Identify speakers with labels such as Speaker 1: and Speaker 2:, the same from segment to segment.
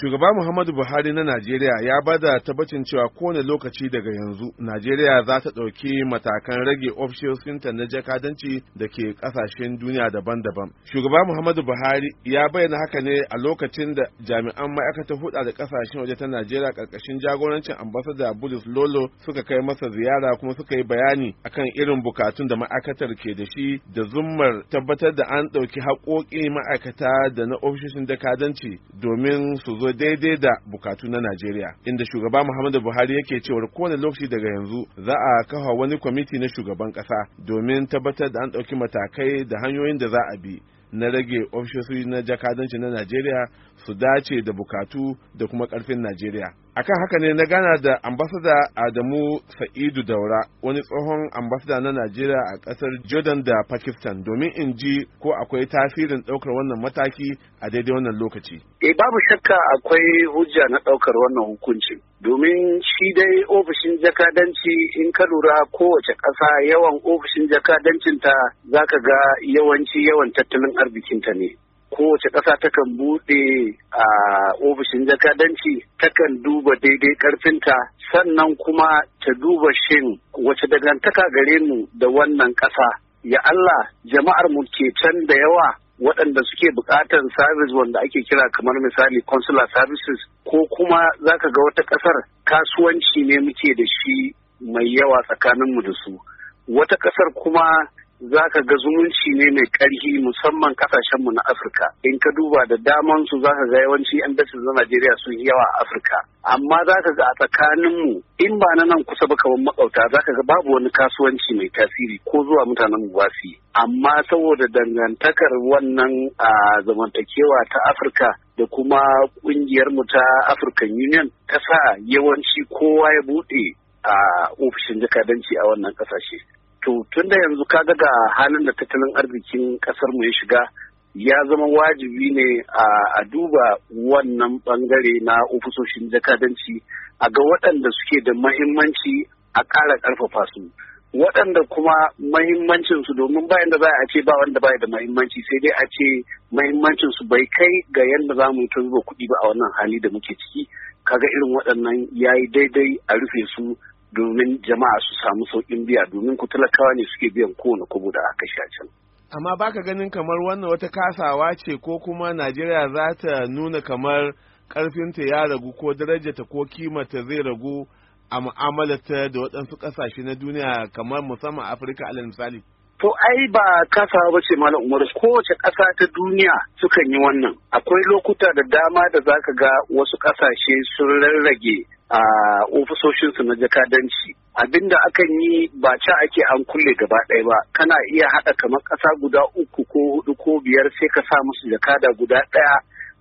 Speaker 1: shugaba muhammadu buhari na najeriya ya bada tabbacin cewa kowane lokaci daga yanzu najeriya za ta ɗauki matakan rage ofisoshinta na jakadanci da ke ƙasashen duniya daban-daban shugaba muhammadu buhari ya bayyana haka ne a lokacin da jami'an ma'aikata huɗa da ƙasashen waje ta najeriya ƙarƙashin jagorancin ambasada bulus lolo suka kai masa ziyara kuma suka yi bayani akan irin bukatun da ma'aikatar ke da shi da zummar tabbatar da an ɗauki haƙoƙin ma'aikata da na ofisoshin jakadanci domin su zo zo daidai da bukatu na Najeriya inda shugaba Muhammadu Buhari yake cewar kowane lokaci daga yanzu za a kafa wani kwamiti na shugaban kasa domin tabbatar da an ɗauki matakai da hanyoyin da za a bi na rage ofishoshi na jakadanci na najeriya su dace da bukatu da kuma karfin najeriya akan haka ne na gana da ambasada adamu sa'idu daura wani tsohon ambasada na najeriya a kasar jordan da pakistan domin in ji ko akwai tasirin daukar wannan mataki a daidai wannan lokaci
Speaker 2: e babu shakka akwai hujja na daukar wannan hukuncin. domin shi dai ofishin jakadanci in ka lura kowace ƙasa yawan ofishin jakadancinta za ka ga yawanci yawan tattalin arzikinta ne kowace ƙasa takan buɗe a ofishin jakadanci takan duba daidai ƙarfinta sannan kuma ta duba shin wace dangantaka gare mu da wannan ƙasa ya Allah jama'ar mu ke can da yawa waɗanda suke buƙatar service wanda ake kira kamar misali consular services ko kuma za ka ga wata ƙasar kasuwanci ne muke da shi mai yawa tsakaninmu da su wata ƙasar kuma za ka ga zumunci ne mai ƙarfi musamman kasashenmu na afirka in ka duba da daman su za ka ga yawanci yan dasin na najeriya sun yi yawa a afirka amma za ka ga a tsakaninmu in ba na nan kusa ba kamar makauta za ka ga babu wani kasuwanci mai tasiri ko zuwa mutanen mu wasi amma saboda dangantakar wannan a zamantakewa ta afirka da kuma ƙungiyarmu ta african union ta sa yawanci kowa ya buɗe a ofishin jakadanci a wannan ƙasashe to tun da yanzu kaga ga halin da tattalin arzikin kasar mu ya shiga ya zama wajibi ne a duba wannan bangare na ofisoshin jakadanci a ga waɗanda suke da mahimmanci a ƙara ƙarfafa su waɗanda kuma mahimmancin su domin bayan da za a ce ba wanda baya da mahimmanci sai dai a ce mahimmancin su bai kai ga yadda za mu ta zuba kuɗi ba a wannan hali da muke ciki kaga irin waɗannan yayi daidai a rufe su domin jama'a su samu saukin biya domin ku talakawa ne suke biyan kowane kobo da aka sha can.
Speaker 1: Amma baka ganin kamar wannan wata kasawa ce ko kuma Najeriya za ta nuna kamar ƙarfinta ya ragu ko darajata ko kimata zai ragu a ma'amalata da waɗansu ƙasashe na duniya kamar musamman Afirka alal misali.
Speaker 2: To ai ba kasa ba ce Malam Umaru kowace ƙasa ta duniya sukan yi wannan. Akwai lokuta da dama da za ka ga wasu ƙasashe sun rarrage a ofisoshinsu na jakadanci. Abinda akan yi ba ca ake an kulle gaba ɗaya ba, kana iya haɗa kamar ƙasa guda uku ko hudu ko biyar sai ka sa musu jakada guda ɗaya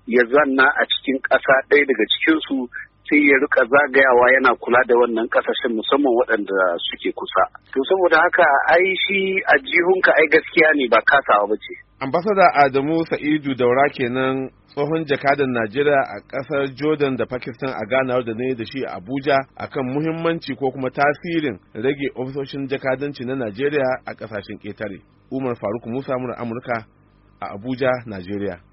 Speaker 2: ya zanna a cikin ƙasa ɗaya daga cikinsu sai ya rika zagayawa yana kula da wannan kasashen musamman waɗanda suke kusa to saboda haka ai shi a jihunka ai gaskiya ne ba kasawa ba ce
Speaker 1: ambasada adamu sa'idu daura kenan tsohon jakadan najeriya a ƙasar jordan da pakistan a Ghana da ne da shi a abuja akan muhimmanci ko kuma tasirin rage ofisoshin jakadanci na najeriya a ƙasashen ƙetare umar faruk musa mura amurka a abuja najeriya